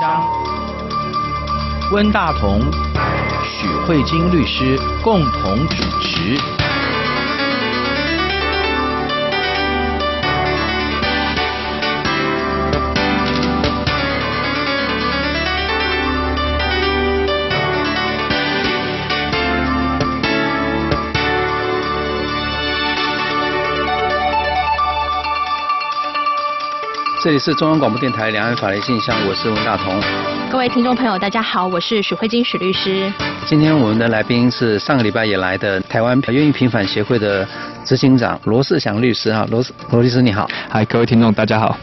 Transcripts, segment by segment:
將溫大同、許慧晶律師共同主持。這裡是中央廣播電台兩岸法律信箱，我是文大同。各位聽眾朋友，大家好，我是許慧晶許律師。今天我們的來賓是上個禮拜也來的台灣冤獄平反協會的執行長羅世祥律師啊，羅羅律師你好。嗨，各位聽眾大家好。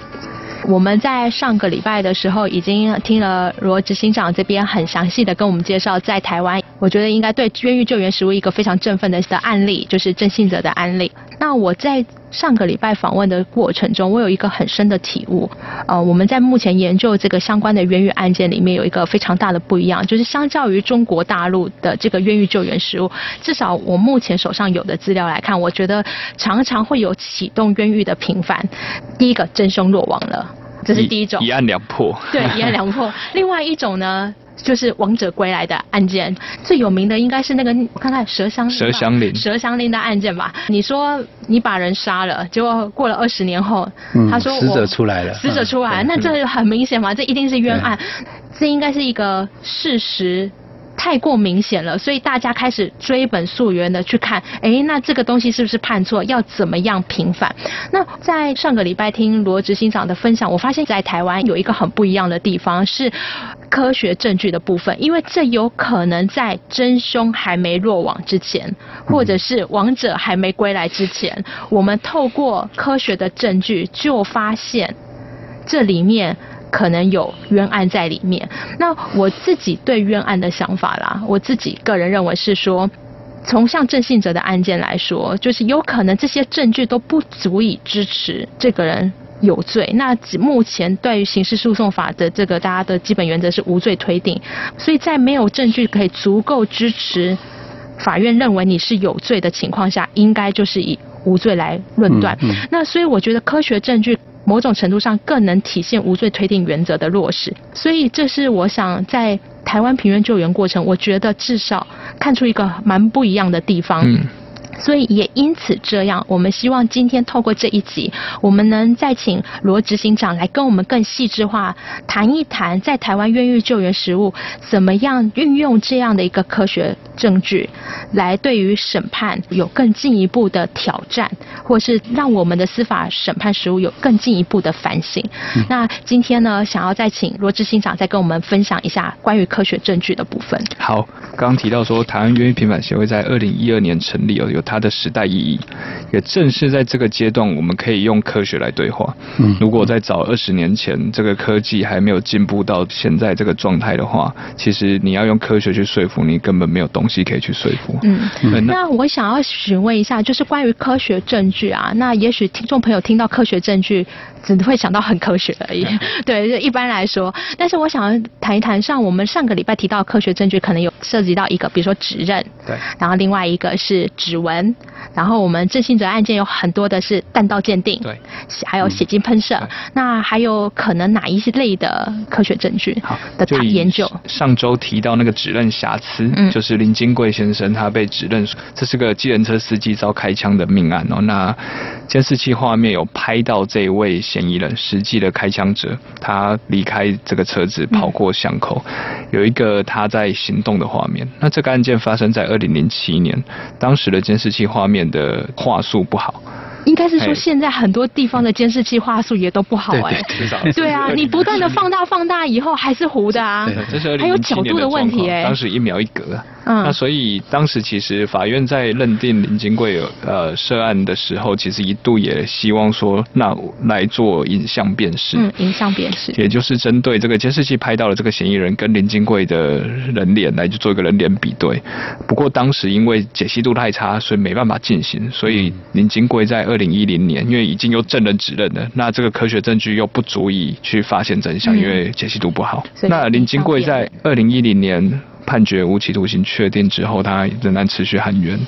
我們在上個禮拜的時候已經聽了羅執行長這邊很詳細的跟我們介紹，在台灣，我覺得應該對冤獄救援實務一個非常振奮的的案例，就是鄭性澤的案例。那我在。上個禮拜訪問的過程中，我有一個很深的體悟。呃，我們在目前研究這個相關的冤獄案件裡面，有一個非常大的不一樣，就是相較於中國大陸的這個冤獄救援事務，至少我目前手上有的資料來看，我覺得常常會有啟動冤獄的平反。第一個真兇落網了。這是第一種一案兩破，對，一案兩破。 另外一種呢，就是王者歸來的案件，最有名的應該是那個，我看看佘祥林、佘祥林、佘祥林的案件吧。你說你把人殺了，結果過了二十年後，嗯、他說死者出來了，死者出來、嗯、那這很明顯嘛，這一定是冤案，這應該是一個事實。太過明顯了，所以大家開始追本溯源的去看，哎，那這個東西是不是判錯，要怎麼樣平反？那在上個禮拜聽羅執行長的分享，我發現，在台灣有一個很不一樣的地方是科學證據的部分，因為這有可能在真凶還沒落網之前，或者是亡者還沒歸來之前，我們透過科學的證據就發現這裡面。可能有冤案在裡面。那我自己對冤案的想法啦，我自己個人認為是說，從像鄭性澤的案件來說，就是有可能這些證據都不足以支持這個人有罪。那目前對於刑事訴訟法的這個大家的基本原則是無罪推定，所以在沒有證據可以足夠支持法院認為你是有罪的情況下，應該就是以無罪來論斷。嗯嗯、那所以我覺得科學證據。某種程度上更能體現無罪推定原則的落實，所以這是我想在台灣平反救援過程，我覺得至少看出一個蠻不一樣的地方。嗯、所以也因此這樣，我們希望今天透過這一集，我們能再請羅執行長來跟我們更細致化談一談，在台灣冤獄救援實務怎麼樣運用這樣的一個科學。證據，來對於審判有更進一步的挑戰，或是讓我們的司法審判實務有更進一步的反省。嗯、那今天呢，想要再請羅執行長再跟我們分享一下關於科學證據的部分。好，剛剛提到說，台灣冤獄平反協會在二零一二年成立哦，有它的時代意義。也正是在這個階段，我們可以用科學來對話。嗯、如果在早二十年前，這個科技還沒有進步到現在這個狀態的話，其實你要用科學去說服你，根本沒有動東西可以去說服。嗯，那我想要詢問一下，就是關於科學證據啊，那也許聽眾朋友聽到科學證據，只會想到很科學而已。對， 對一般來說。但是我想要談一談上，像我們上個禮拜提到科學證據，可能有涉及到一個，比如說指認。對。然後另外一個是指紋，然後我們鄭性澤案件有很多的是彈道鑑定。對。還有血跡噴射，那還有可能哪一些類的科學證據？好。的研究。上周提到那個指認瑕疵，嗯、就是林。金貴先生，他被指認，這是個計程車司機遭開槍的命案哦。那監視器畫面有拍到這位嫌疑人，實際的開槍者，他離開這個車子跑過巷口，有一個他在行動的畫面。那這個案件發生在二零零七年，當時的監視器畫面的畫素不好。應該是說，現在很多地方的監視器畫素也都不好哎、欸，對，至少對，對啊， 你不斷的放大放大以後還是糊的啊，還有角度的問題哎， 當時一秒一格，嗯，那所以當時其實法院在認定林金貴呃涉案的時候，其實一度也希望說那來做影像辨識，嗯，影像辨識，也就是針對這個監視器拍到了這個嫌疑人跟林金貴的人臉來去做一個人臉比對，不過當時因為解析度太差，所以沒辦法進行，所以林金貴在二。二零一零年，因為已經有證人指認了，那這個科學證據又不足以去發現真相，嗯、因為解析度不好。那林金貴在二零一零年判決無期徒刑確定之後，他仍然持續喊冤。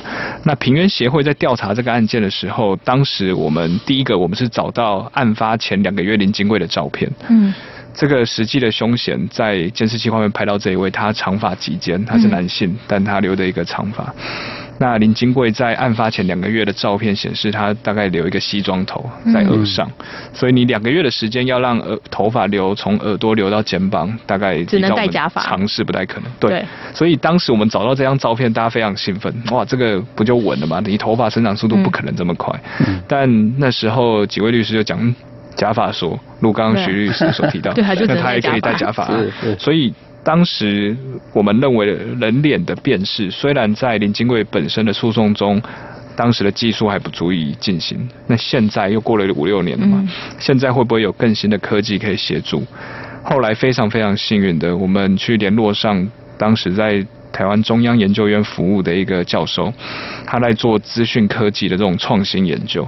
那平冤協會在調查這個案件的時候，當時我們第一個，我們是找到案發前兩個月林金貴的照片。嗯，這個實際的凶嫌在監視器畫面拍到這一位，他長髮及肩，他是男性，嗯、但他留的一個長髮。那林金貴在案發前兩個月的照片顯示，他大概留一個西裝頭在耳上，嗯，嗯、所以你兩個月的時間要讓頭髮留從耳朵留到肩膀，大概只能戴假髮，嘗試不太可能。對，所以當時我們找到這張照片，大家非常興奮，哇，這個不就穩了嗎？你頭髮生長速度不可能這麼快。但那時候幾位律師就講假髮說，如剛剛徐律師所提到，那他也可以戴假髮，啊，嗯嗯、所以。當時我們認為人臉的辨識雖然在林金貴本身的訴訟中，當時的技術還不足以進行。那現在又過了五六年了嘛，嗯，現在會不會有更新的科技可以協助？後來非常非常幸運的，我們去聯絡上當時在。台灣中央研究院服務的一個教授，他在做資訊科技的這種創新研究，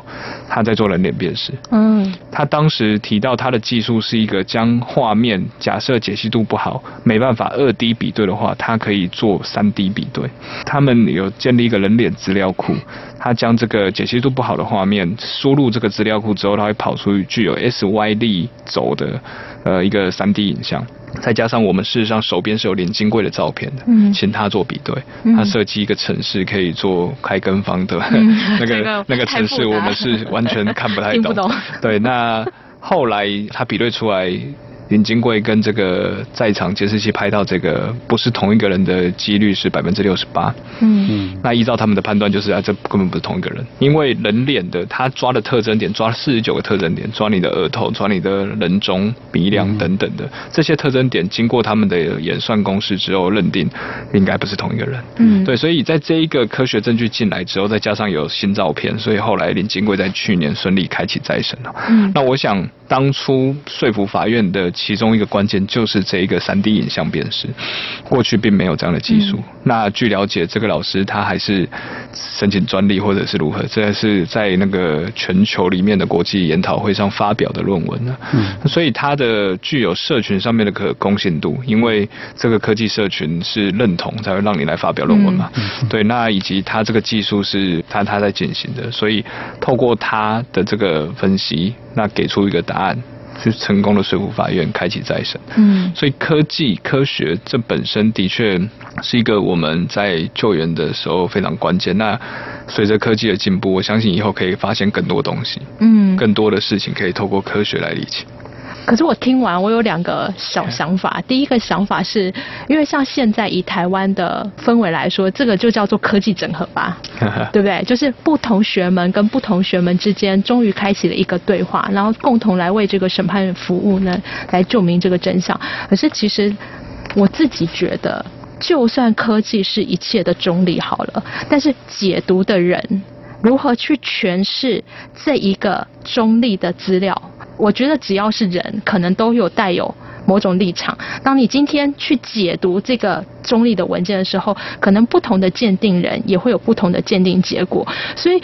他在做人臉辨識，嗯，他當時提到他的技術是一個將畫面假設解析度不好，沒辦法二 D 比對的話，他可以做三 D 比對。他們有建立一個人臉資料庫。他將這個解析度不好的畫面輸入這個資料庫之後，他會跑出具有 S Y D 軸的呃一個 3D 影像，再加上我們事實上手邊是有連金櫃的照片的，嗯，請他做比對，嗯，他設計一個程式可以做開根方對，嗯， 那個、這個、那個程式我們是完全看不太懂，太複雜了 聽不懂 對，那後來他比對出來。林金貴跟這個在場監視器拍到這個不是同一個人的幾率是百分之六十八。嗯，那依照他們的判斷，就是啊，這根本不是同一個人，因為人臉的他抓的特徵點抓了四十九個特徵點，抓你的額頭，抓你的人中、鼻樑等等的、嗯、這些特徵點，經過他們的演算公式之後，認定應該不是同一個人。嗯。對，所以在這一個科學證據進來之後，再加上有新照片，所以後來林金貴在去年順利開啟再審了。嗯。那我想。當初說服法院的其中一個關鍵，就是這一個 3D 影像辨識，過去並沒有這樣的技術。那據了解，這個老師他還是申請專利或者是如何？這還是在那個全球裡面的國際研討會上發表的論文呢。嗯，所以他的具有社群上面的可公信度，因為這個科技社群是認同，才會讓你來發表論文嘛。嗯，對，那以及他這個技術是他他在進行的，所以透過他的這個分析，那給出一個答。案是成功的說服法院開啟再審。嗯，所以科技科學這本身的確是一個我們在救援的時候非常關鍵。那隨着科技的進步，我相信以後可以發現更多東西，嗯，更多的事情可以透過科學來理解。可是我聽完，我有兩個小想法。第一個想法是，因為像現在以台灣的氛圍來說，這個就叫做科技整合吧， 對不對？就是不同學門跟不同學門之間，終於開啟了一個對話，然後共同來為這個審判服務呢，來證明這個真相。可是其實我自己覺得，就算科技是一切的中立好了，但是解讀的人如何去詮釋這一個中立的資料？我覺得只要是人，可能都有帶有某種立場。當你今天去解讀這個中立的文件的時候，可能不同的鑑定人也會有不同的鑑定結果。所以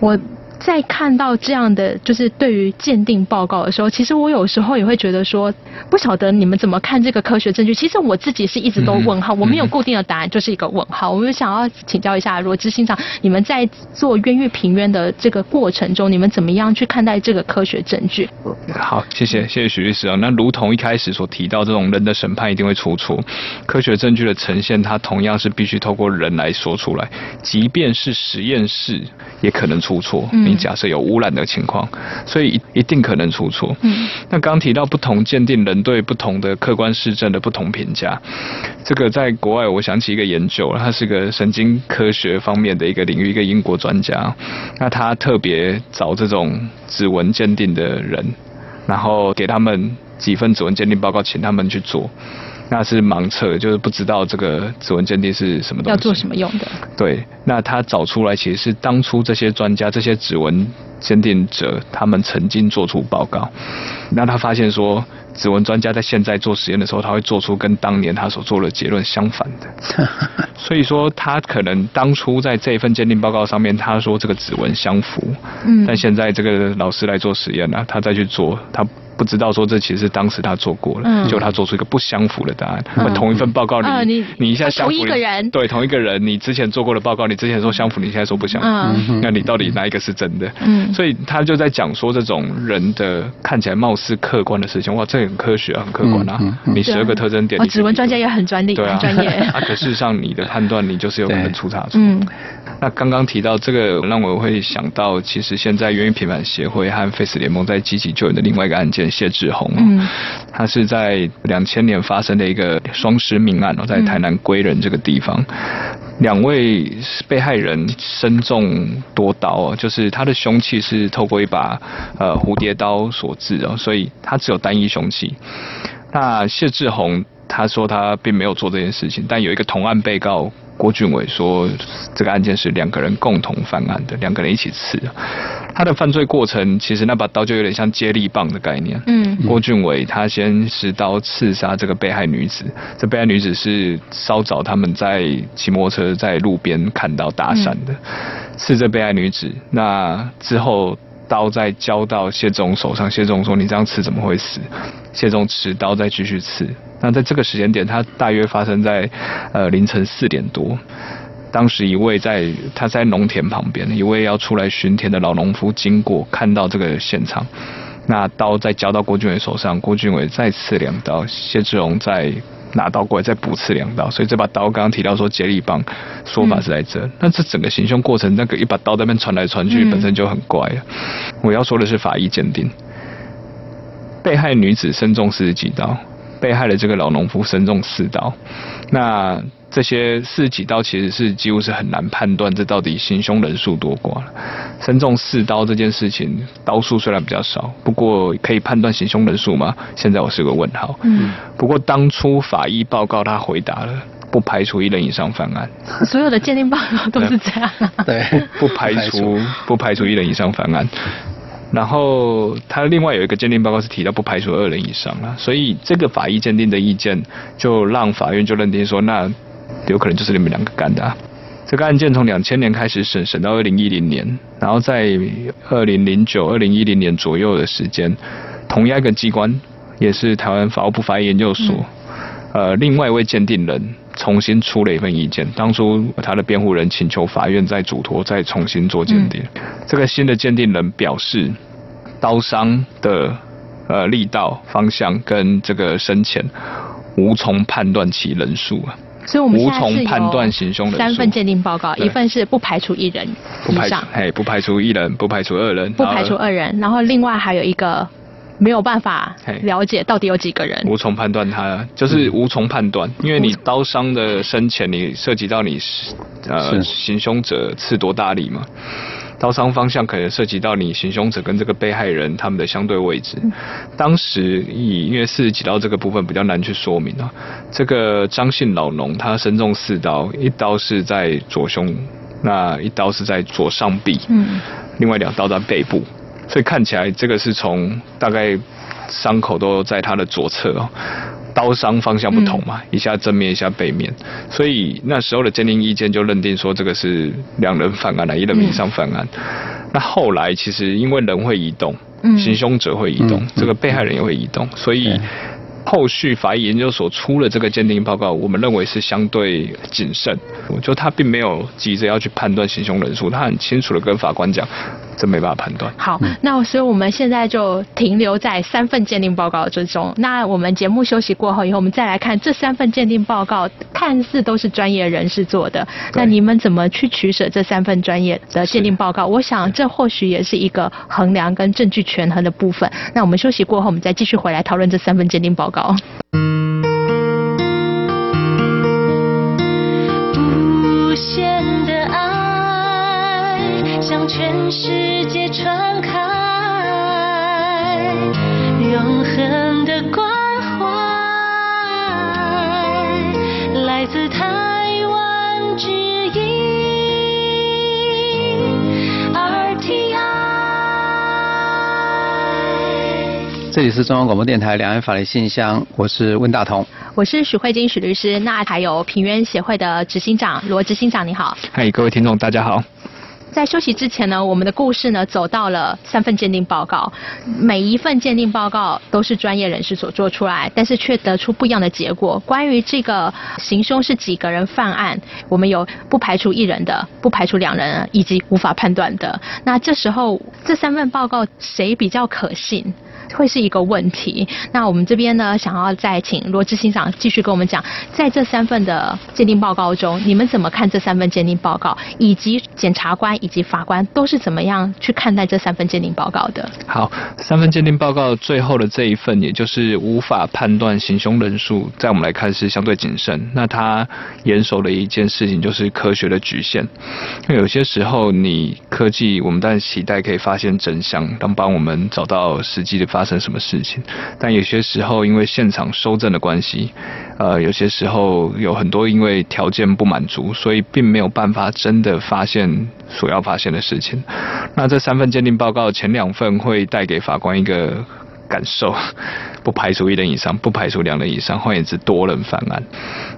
我……在看到這樣的就是對於鑑定報告的時候，其實我有時候也會覺得說，不曉得你們怎麼看這個科學證據。其實我自己是一直都問號，嗯、我沒有固定的答案，就是一個問號。嗯、我沒有固定的答案，就是一個問號、嗯、我就想要請教一下羅士翔執行長，你們在做冤獄平冤，的這個過程中，你們怎麼樣去看待這個科學證據？好，謝謝謝謝許律師啊。那如同一開始所提到，這種人的審判一定會出錯，科學證據的呈現，它同樣是必須透過人來說出來，即便是實驗室也可能出錯。嗯。假設有污染的情況，所以一定可能出錯。嗯。那剛提到不同鑑定人對不同的客觀事證的不同評價，這個在國外，我想起一個研究，他是個神經科學方面的一個領域，一個英國專家。那他特別找這種指紋鑑定的人，然後給他們幾份指紋鑑定報告，請他們去做。那是盲測，就是不知道這個指紋鑑定是什麼東西，要做什麼用的？對，那他找出來其實是當初這些專家、這些指紋鑑定者，他們曾經做出報告。那他發現說，指紋專家在現在做實驗的時候，他會做出跟當年他所做的結論相反的。 所以說，他可能當初在這份鑑定報告上面，他說這個指紋相符。嗯。但現在這個老師來做實驗了、啊，他再去做，他。不知道說這其實是當時他做過了、嗯，結果他做出一個不相符的答案。嗯、同一份報告裡、嗯啊，你一下相符，對、啊、同一個人，同一個人你之前做過的報告，你之前說相符，你現在說不相符、嗯，那你到底哪一個是真的？嗯、所以他就在講說這種人的看起來貌似客觀的事情，嗯、哇，這很科學啊，很客觀啊。嗯嗯嗯、你十二個特徵點，我、嗯哦、指紋專家也很專利。對啊，專業 啊。可事實上你的判斷你就是有可能出差錯、嗯。那剛剛提到這個讓我會想到，其實現在冤獄平反協會和 Face 聯盟在積極救援的另外一個案件。謝志宏，嗯，他是在兩千年發生的一個雙屍命案，在台南歸仁這個地方，嗯，兩位被害人身中多刀，就是他的兇器是透過一把呃蝴蝶刀所致哦，所以他只有單一兇器。那謝志宏他說他並沒有做這件事情，但有一個同案被告，郭俊偉說，這個案件是兩個人共同犯案的，兩個人一起刺、啊。他的犯罪過程其實那把刀就有點像接力棒的概念。嗯，郭俊偉他先持刀刺殺這個被害女子，這被害女子是稍早他們在騎摩托車在路邊看到搭訕的、嗯，刺這被害女子。那之後刀再交到謝總手上，謝總說：“你這樣刺怎麼會死？”謝總持刀再繼續刺。那在這個時間點，它大約發生在呃凌晨四點多。當時一位在他在農田旁邊，一位要出來巡田的老農夫經過，看到這個現場。那刀再交到郭俊偉手上，郭俊偉再刺兩刀，謝志榮再拿刀過來再補刺兩刀，所以這把刀剛剛提到說接力棒，說法是在這，嗯、那這整個行兇過程，那個一把刀在那邊傳來傳去，嗯、本身就很怪。我要說的是法醫鑑定，被害女子身中四十幾刀。被害的這個老農夫身中四刀，那這些四幾刀，其實是幾乎是很難判斷這到底行兇人數多寡了。身中四刀這件事情，刀數雖然比較少，不過可以判斷行兇人數嗎？現在我是個問號。嗯。不過當初法醫報告他回答了，不排除一人以上犯案。所有的鑑定報告都是這樣，啊。 對。不不排除不排除，不排除一人以上犯案。然後他另外有一個鑑定報告是提到不排除二人以上了，所以這個法醫鑑定的意見就讓法院就認定說，那有可能就是你們兩個幹的啊。這個案件從兩千年開始審，審到二零一零年，然後在二零零九、二零一零年左右的時間，同樣一個機關，也是台灣法務部法醫研究所，嗯，呃，另外一位鑑定人。重新出了一份意見。當初他的辯護人請求法院再囑託，再重新做鑑定。嗯。這個新的鑑定人表示刀，刀傷的呃力道方向跟這個深淺，無從判斷其人數。所以，我們無從判斷行兇的三份鑑定報告，定報告，一份是不排除一人以上不排除，嘿不排除一人，不排除二人，不排除二人，然後，然後另外還有一個。沒有辦法了解到底有幾個人，無從判斷他就是無從判斷，嗯，因為你刀傷的深淺，你涉及到你呃是行凶者刺多大力嘛，刀傷方向可能涉及到你行凶者跟這個被害人他們的相對位置。嗯，當時以因為四十幾刀這個部分比較難去說明啊，這個張姓老農他身中四刀，一刀是在左胸，那一刀是在左上臂，嗯，另外兩刀在背部。所以看起來，這個是從大概傷口都在他的左側哦，刀傷方向不同嘛，一下正面，一下背面。所以那時候的鑑定意見就認定說，這個是兩人犯案了，一人以上犯案。那後來其實因為人會移動，行兇者會移動，嗯嗯嗯嗯嗯這個被害人也會移動，所以。後續法醫研究所出了這個鑑定報告，我們認為是相對謹慎。我覺得他並沒有急着要去判斷行凶人數，他很清楚的跟法官講，這沒辦法判斷。好，那所以我們現在就停留在三份鑑定報告之中。那我們節目休息過後以後，我們再來看這三份鑑定報告，看似都是專業人士做的。那你們怎麼去取捨這三份專業的鑑定報告？我想這或許也是一個衡量跟證據權衡的部分。那我們休息過後，我們再繼續回來討論這三份鑑定報告。無限的愛，像全世界。這裡是中央廣播電臺兩岸法律信箱，我是溫大同，我是許慧金許律師，那還有平冤協會的執行長羅執行長，你好。嗨、hey，各位聽眾，大家好。在休息之前呢，我們的故事呢走到了三份鑑定報告，每一份鑑定報告都是專業人士所做出來，但是卻得出不一樣的結果。關於這個行凶是幾個人犯案，我們有不排除一人的，不排除兩人，以及無法判斷的。那這時候這三份報告誰比較可信？會是一個問題。那我們這邊呢，想要再請羅執行長繼續跟我們講，在這三份的鑑定報告中，你們怎麼看這三份鑑定報告？以及檢察官以及法官都是怎麼樣去看待這三份鑑定報告的？好，三份鑑定報告最後的這一份，也就是無法判斷行凶人數，在我們來看是相對謹慎。那他嚴守的一件事情就是科學的局限，因為有些時候你科技，我們但期待可以發現真相，能幫我們找到實際的。發生什麼事情？但有些時候因為現場蒐證的關係，呃，有些時候有很多因為條件不滿足，所以並沒有辦法真的發現所要發現的事情。那這三份鑑定報告，前兩份會帶給法官一個感受，不排除一人以上，不排除兩人以上，換言之，多人犯案。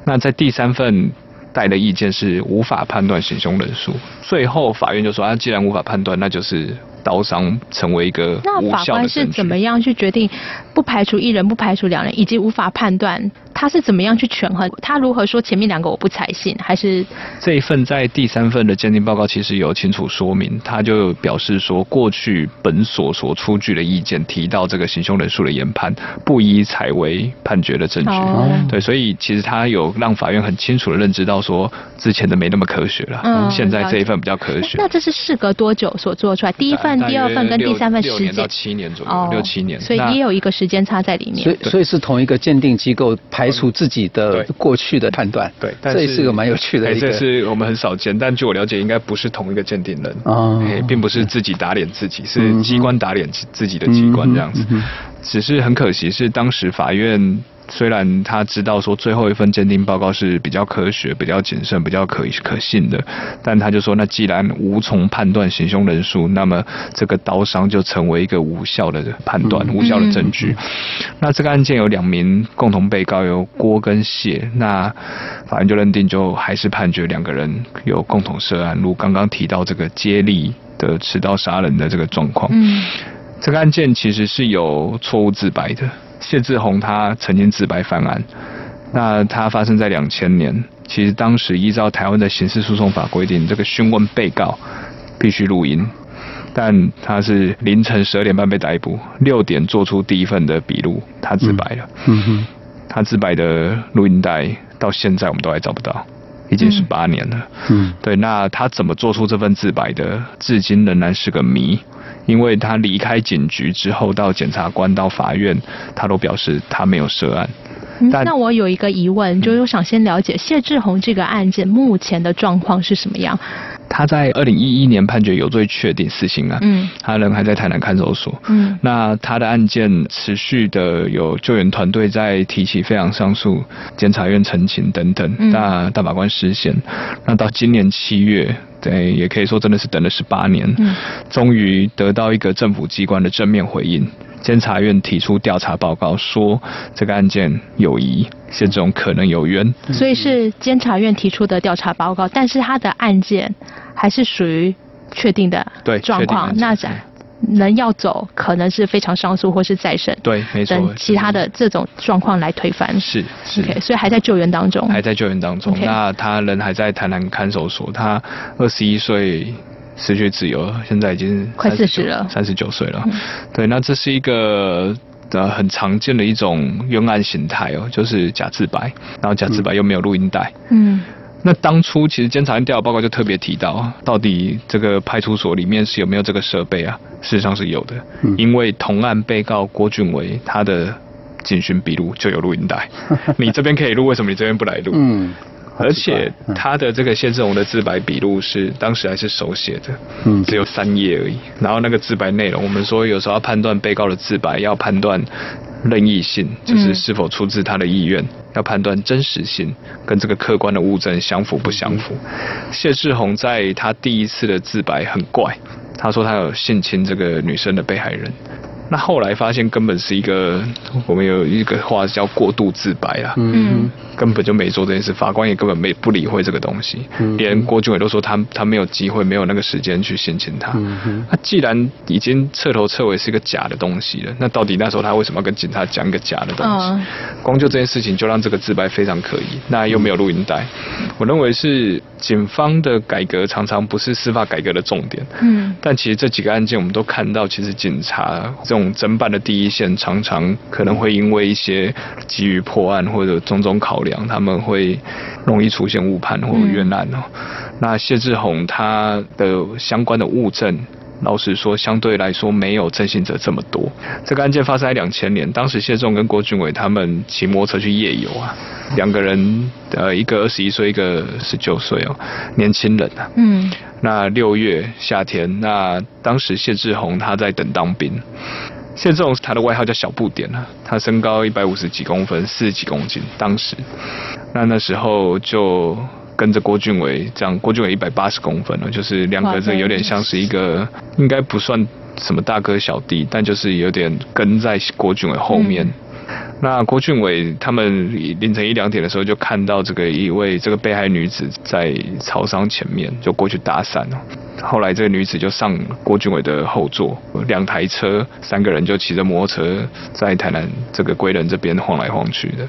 那在第三份帶的意見是無法判斷行兇人數。最後法院就說啊，既然無法判斷，那就是。刀傷成為一個，那法官是怎麼樣去決定？不排除一人，不排除兩人，以及無法判斷。他是怎麼樣去權衡？他如何說前面兩個我不採信？還是這一份在第三份的鑑定報告其實有清楚說明，他就表示說，過去本所所出具的意見提到這個行兇人數的研判不宜採為判決的證據。哦、對，所以其實他有讓法院很清楚的認知到說之前的沒那麼科學了，嗯，現在這一份比較科學，嗯。那這是事隔多久所做出來？第一份，第二份跟第三份時間？六年到七年左右。哦，六七年。所以也有一個時間差在裡面。所以，所以是同一個鑑定機構拍。排除自己的過去的判斷，對，嗯、對，但這也是個蠻有趣的。這是我們很少見，但據我了解，應該不是同一個鑑定人啊、哦，並不是自己打臉自己，是機關打臉自己的機關這樣子。嗯嗯嗯嗯嗯嗯、只是很可惜，是當時法院。雖然他知道說，最後一份鑑定報告是比較科學、比較謹慎、比較可以可信的，但他就說，那既然無從判斷行兇人數，那麼這個刀傷就成為一個無效的判斷、嗯、無效的證據。嗯、那這個案件有兩名共同被告，有郭跟謝，那法院就認定就還是判決兩個人有共同涉案。如剛剛提到這個接力的持刀殺人的這個狀況、嗯，這個案件其實是有錯誤自白的。謝志宏他曾經自白犯案，那他發生在兩千年，其實當時依照台灣的刑事訴訟法規定，這個訊問被告必須錄音，但他是凌晨十二點半被逮捕，六點做出第一份的筆錄，他自白了嗯，嗯哼，他自白的錄音帶到現在我們都還找不到，已經十八年了嗯，嗯，對，那他怎麼做出這份自白的，至今仍然是個謎。因為他離開警局，之後，到檢察官、到法院，他都表示他沒有涉案，嗯但。那我有一個疑問，就是我想先了解，嗯、謝志宏這個案件目前的狀況是什麼樣？他在二零一一年判決有罪，確定死刑啊。嗯。他人還在台南看守所。嗯。那他的案件持續的有救援團隊在提起非常上訴、監、嗯、察院陳情、等等。嗯。那大法官釋憲那到今年七月。對，也可以說真的是等了十八年，嗯，終於得到一個政府機關的正面回應。監察院提出調查報告，說這個案件有疑，現中可能有冤，嗯。所以是監察院提出的調查報告，但是他的案件還是屬於確定的狀況。對，那在人要走，可能是非常上訴或是再審，對，沒錯，等其他的這種狀況來推翻，是是，Okay, 所以還在救援當中，還在救援當中。Okay，那他人還在台南看守所，他二十一歲失去自由，現在已經 39, 快四十了，三十九歲了。嗯。對，那這是一個呃很常見的一種冤案形態哦，就是假自白，然後假自白又沒有錄音帶，嗯。嗯那當初其實監察院調查報告就特別提到，到底這個派出所裡面是有沒有這個設備啊？事實上是有的，因為同案被告郭俊偉他的警詢筆錄就有錄音帶，你這邊可以錄，為什麼你這邊不來錄？嗯嗯，而且他的這個謝志宏的自白筆錄是當時還是手寫的，只有三頁而已。然後那個自白內容，我們說有時候要判斷被告的自白，要判斷，任意性就是是否出自他的意願、嗯，要判斷真實性跟這個客觀的物證相符不相符。謝志宏在他第一次的自白很怪，他說他有性侵這個女生的被害人。那後來發現根本是一個，我們有一個話叫過度自白啊，嗯，根本就沒做這件事，法官也根本沒不理會這個東西，嗯、連郭俊偉都說他他沒有機會，沒有那個時間去性侵他，嗯哼他既然已經徹頭徹尾是一個假的東西了，那到底那時候他為什麼要跟警察講一個假的東西？哦、光就這件事情就讓這個自白非常可疑，那又沒有錄音帶，嗯、我認為是。警方的改革常常不是司法改革的重點，嗯，但其實這幾個案件我們都看到，其實警察這種偵辦的第一線，常常可能會因為一些急於破案或者種種考量，他們會容易出現誤判或冤案哦。那謝志宏他的相關的物證。老實說，相對來說沒有鄭性澤這麼多。這個案件發生在兩千年，當時謝仲跟郭俊偉他們騎摩托車去夜遊啊，嗯、兩個人呃，一個二十一歲，一個十九歲哦，年輕人啊。嗯。那六月夏天，那當時謝志宏他在等當兵，謝仲他的外號叫小不點啊，他身高一百五十幾公分，四十幾公斤，當時，那那時候就。跟着郭俊偉，這樣郭俊偉一百八十公分了，就是兩個，這個有點像是一個，應該不算什麼大哥小弟，但就是有點跟在郭俊偉後面。嗯。那郭俊偉他們凌晨一兩點的時候就看到這個一位這個被害女子在超商前面，就過去搭訕了。後來這個女子就上郭俊偉的後座，兩台車三個人就騎着摩托車在台南這個歸仁這邊晃來晃去的。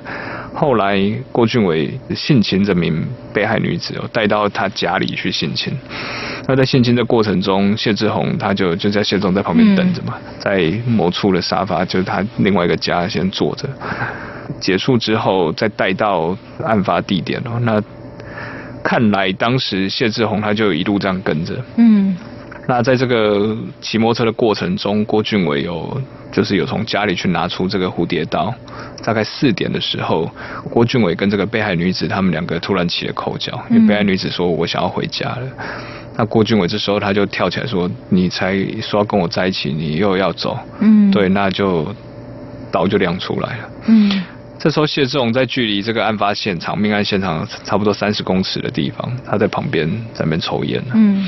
後來，郭俊偉性侵這名被害女子哦，帶到他家裡去性侵。那在性侵的過程中，謝志宏他就就在謝忠在旁邊等着嘛、嗯，在某處的沙發，就是他另外一個家先坐着。結束之後，再帶到案發地點了。那看來當時謝志宏他就一路這樣跟着。嗯。那在這個騎摩托車的過程中，郭俊偉有，就是有從家裡去拿出這個蝴蝶刀。大概四點的時候，郭俊偉跟這個被害女子他們兩個突然起了口角，因為被害女子說，我想要回家了。嗯、那郭俊偉這時候他就跳起來說：“你才說要跟我在一起，你又要走？”嗯、對，那就刀就亮出來了。嗯，這時候謝志宏在距離這個案發現場、命案現場差不多三十公尺的地方，他在旁邊在那邊抽煙了嗯。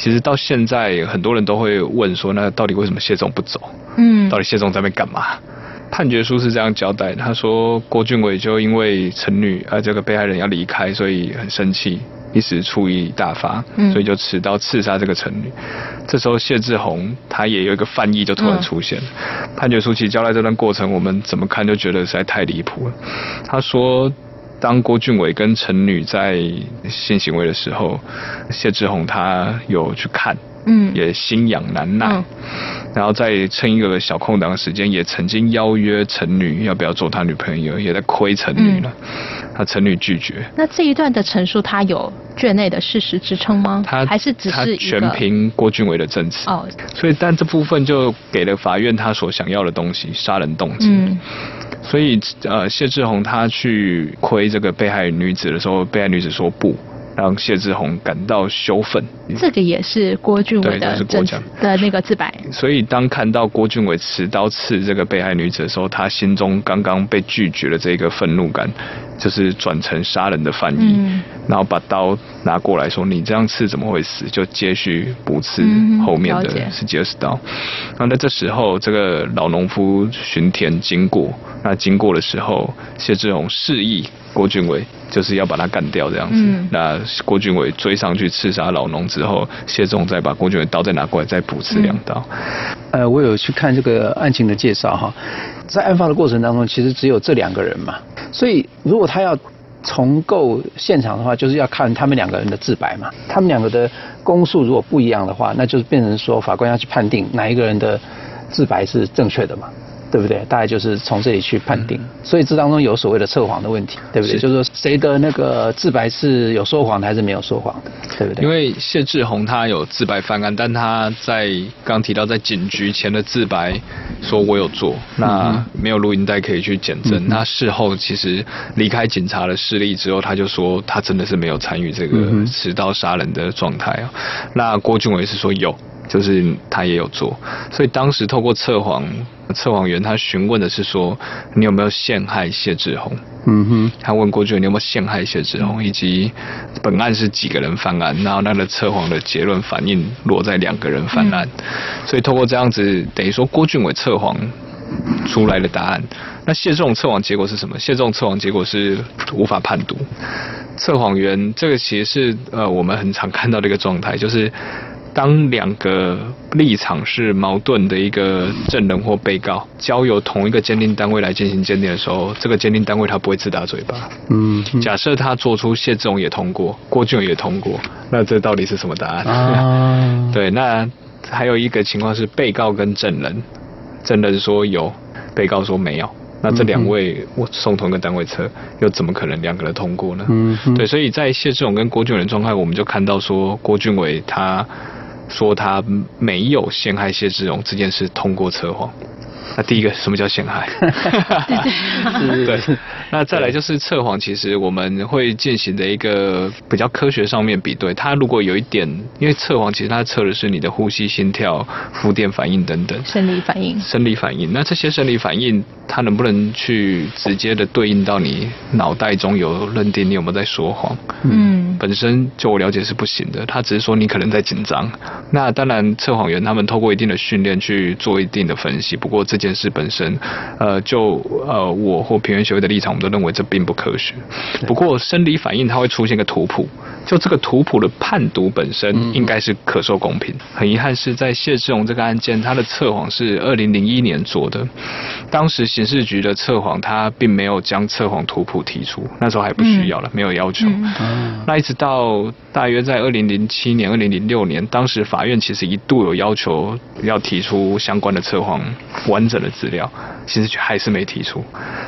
其實到現在很多人都會問說，那到底為什麼謝總不走？嗯，到底謝總在那邊幹嘛？判決書是這樣交代的，他說郭俊偉就因為陳女啊這個被害人要離開，所以很生氣，一時醋意大發，所以就持刀刺殺這個陳女。嗯。這時候謝志宏他也有一個犯意就突然出現了。嗯。判決書其實交代這段過程，我們怎麼看就覺得實在太離譜了。他說。當郭俊偉跟陳女在性行為的時候，謝志宏他有去看，嗯，也心癢難耐，嗯，然後再趁一個小空檔的時間，也曾經邀約陳女要不要做他女朋友，也在虧陳女了，嗯，他陳女拒絕。那這一段的陳述，他有卷內的事實支撐嗎？他還是只是全憑郭俊偉的證詞？哦，所以但這部分就給了法院他所想要的東西，殺人動機。嗯。所以，呃，謝志宏他去虧這個被害女子的時候，被害女子說不。讓謝志宏感到羞憤，嗯、這個也是郭俊偉的證、就是、的那個自白。所以當看到郭俊偉持刀刺這個被害女子的時候，他心中剛剛被拒絕了這個憤怒感，就是轉成殺人的犯意、嗯，然後把刀拿過來說：“你這樣刺怎麼會死？”就接續補刺後面的是第二刀。那在這時候，這個老農夫巡田經過，那經過的時候，謝志宏示意。郭俊偉就是要把他幹掉這樣子，嗯、那郭俊偉追上去刺殺老農之後，謝仲再把郭俊偉刀再拿過來再補刺兩刀，嗯。呃，我有去看這個案情的介紹哈，在案發的過程當中，其實只有這兩個人嘛，所以如果他要重構現場的話，就是要看他們兩個人的自白嘛。他們兩個的供述如果不一樣的話，那就是變成說法官要去判定哪一個人的自白是正確的嘛。對不對？大概就是從這裡去判定，嗯、所以這當中有所謂的測謊的問題，對不對？就是說誰的那個自白是有說謊的還是沒有說謊的？對不對？因為謝志宏他有自白翻案，但他在剛，剛提到在警局前的自白，說我有做、嗯，那沒有錄音帶可以去檢證、嗯。那事後其實離開警察的勢力之後，他就說他真的是沒有參與這個持刀殺人的狀態、啊嗯、那郭俊偉是說有。就是他也有做，所以當時透過測謊，測謊員他詢問的是說，你有沒有陷害謝志宏？嗯哼，他問郭俊，你有沒有陷害謝志宏，以及本案是幾個人犯案，然後那個測謊的結論反應落在兩個人犯案，嗯，所以透過這樣子等於說郭俊偉測謊出來的答案，那謝仲測謊結果是什麼？謝仲測謊結果是無法判讀。測謊員這個其實是呃我們很常看到的一個狀態，就是。當兩個立場是矛盾的一個證人或被告，交由同一個鑑定單位來進行鑑定的時候，這個鑑定單位他不會自打嘴巴。嗯，假設他做出謝志勇也通過，郭俊偉也通過，那這到底是什麼答案？啊、 對。那還有一個情況是被告跟證人，證人說有，被告說沒有，那這兩位我送同一個單位測又怎麼可能兩個人通過呢？嗯，對。所以在謝志勇跟郭俊偉的狀態，我們就看到說郭俊偉他。說他沒有陷害謝志榮這件事，通過測謊。那第一個什麼叫陷害？ 對，那再來就是測謊，其實我們會進行的一個比較科學上面比對。他如果有一點，因為測謊，其實他測的是你的呼吸、心跳、膚電反應等等生理反應。生理反應。那這些生理反應，他能不能去直接的對應到你腦袋中有認定你有沒有在說謊？嗯。本身就我了解是不行的，他只是說你可能在緊張。那當然測謊員他們透過一定的訓練去做一定的分析，不過這。件事本身，呃，就呃，我或平冤協會的立場，我們都認為這並不科學。不過生理反應它會出現一個圖譜，就這個圖譜的判讀本身應該是可受公平。很遺憾是在謝志宏這個案件，他的測謊是二零零一年做的，當時刑事局的測謊他並沒有將測謊圖譜提出，那時候還不需要了，沒有要求。嗯嗯、那一直到大約在二零零七年、二零零六年，當時法院其實一度有要求要提出相關的測謊完。這的資料。其實卻還是沒提出，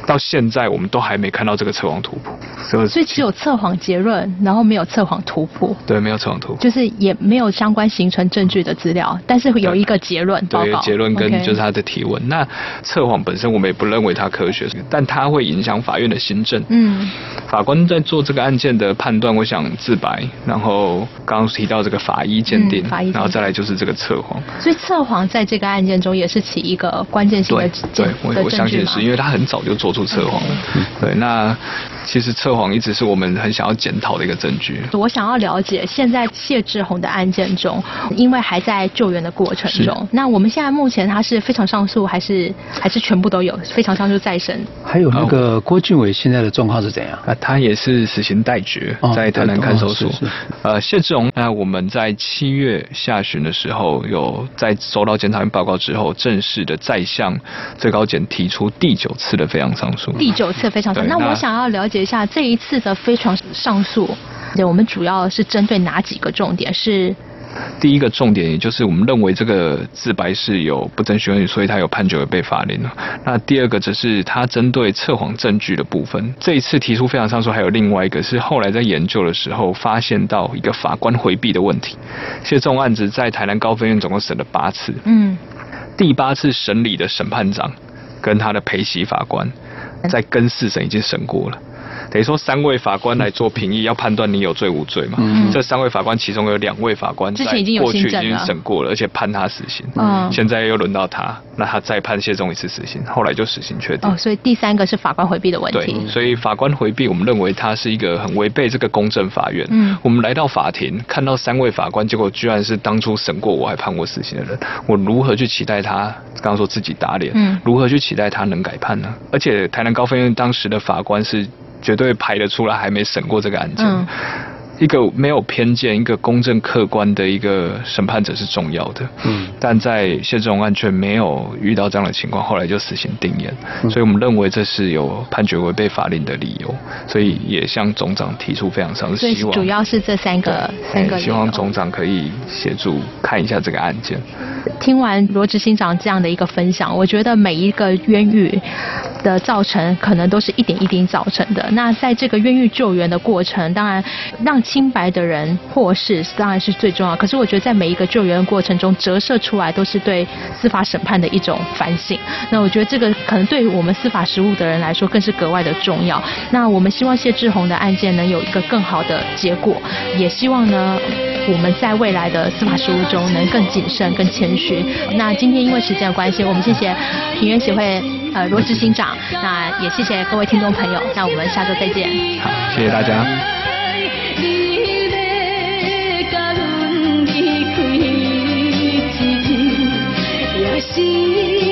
到現在我們都還沒看到這個測謊圖譜，就是、所以只有測謊結論，然後沒有測謊圖譜。對，沒有測謊圖，就是也沒有相關形成證據的資料，但是有一個結論。對，對結論跟就是他的提問，okay. 那測謊本身我們也不認為它科學，但它會影響法院的心證。嗯，法官在做這個案件的判斷，我想自白，然後剛剛提到這個法醫、嗯、法醫鑑定，然後再來就是這個測謊。所以測謊在這個案件中也是起一個關鍵性的對。對我我相信是因為他很早就做出測謊了，對那。其實測謊一直是我們很想要檢討的一個證據。我想要了解現在謝志宏的案件中，因為還在救援的過程中，那我們現在目前他是非常上訴，還是還是全部都有非常上訴再審？還有那個郭俊偉現在的狀況是怎樣？啊，他也是死刑待決，在台南看守所。哦。呃，謝志宏，那我們在七月下旬的時候，有在收到檢察院報告之後，正式的再向最高檢提出第九次的非常上訴。第九次非常上訴。那，那我想要了解。接下來這一次的非常上訴對，我們主要是針對哪幾個重點？是第一個重點，也就是我們認為這個自白是有不正實，所以他有判決被發回。那第二個只是他針對測謊證據的部分。這一次提出非常上訴，還有另外一個，是後來在研究的時候發現到一個法官回避的問題。其實這種案子在台南高分院總共審了八次，嗯，第八次審理的審判長跟他的陪席法官，在更四審已經審過了。等於說三位法官來做評議，要判斷你有罪無罪嘛、嗯？這三位法官其中有兩位法官之前已經有心證了，過去已經審過了，而且判他死刑。嗯、現在又輪到他，那他再判謝忠一次死刑，後來就死刑確定、哦。所以第三個是法官回避的問題。所以法官回避，我們認為他是一個很違背這個公正法院、嗯。我們來到法庭，看到三位法官，結果居然是當初審過我還判過死刑的人，我如何去期待他？剛剛說自己打臉、嗯。如何去期待他能改判呢？而且台南高分院當時的法官是，絕對排得出來，還沒審過這個案件、嗯。一個沒有偏見、一個公正客觀的一個審判者是重要的。嗯，但在謝志榮案卻沒有遇到這樣的情況，後來就死刑定讞、嗯。所以我們認為這是有判決違背法令的理由，所以也向總長提出非常上訴的希望。主要是這三個三個理由、嗯，希望總長可以協助看一下這個案件。聽完羅執行長這樣的一個分享，我覺得每一個冤獄的造成，可能都是一點一滴造成的。那在這個冤獄救援的過程，當然讓清白的人獲釋當然是最重要。可是我覺得在每一個救援的過程中折射出來，都是對司法審判的一種反省。那我覺得這個可能對於我們司法實務的人來說，更是格外的重要。那我們希望謝志宏的案件能有一個更好的結果，也希望呢。我們在未來的司法實務中能更謹慎、更謙虛。那今天因為時間的關係，我們謝謝平冤協會呃羅執行長，那也謝謝各位聽眾朋友，那我們下週再見。好，謝謝大家。嗯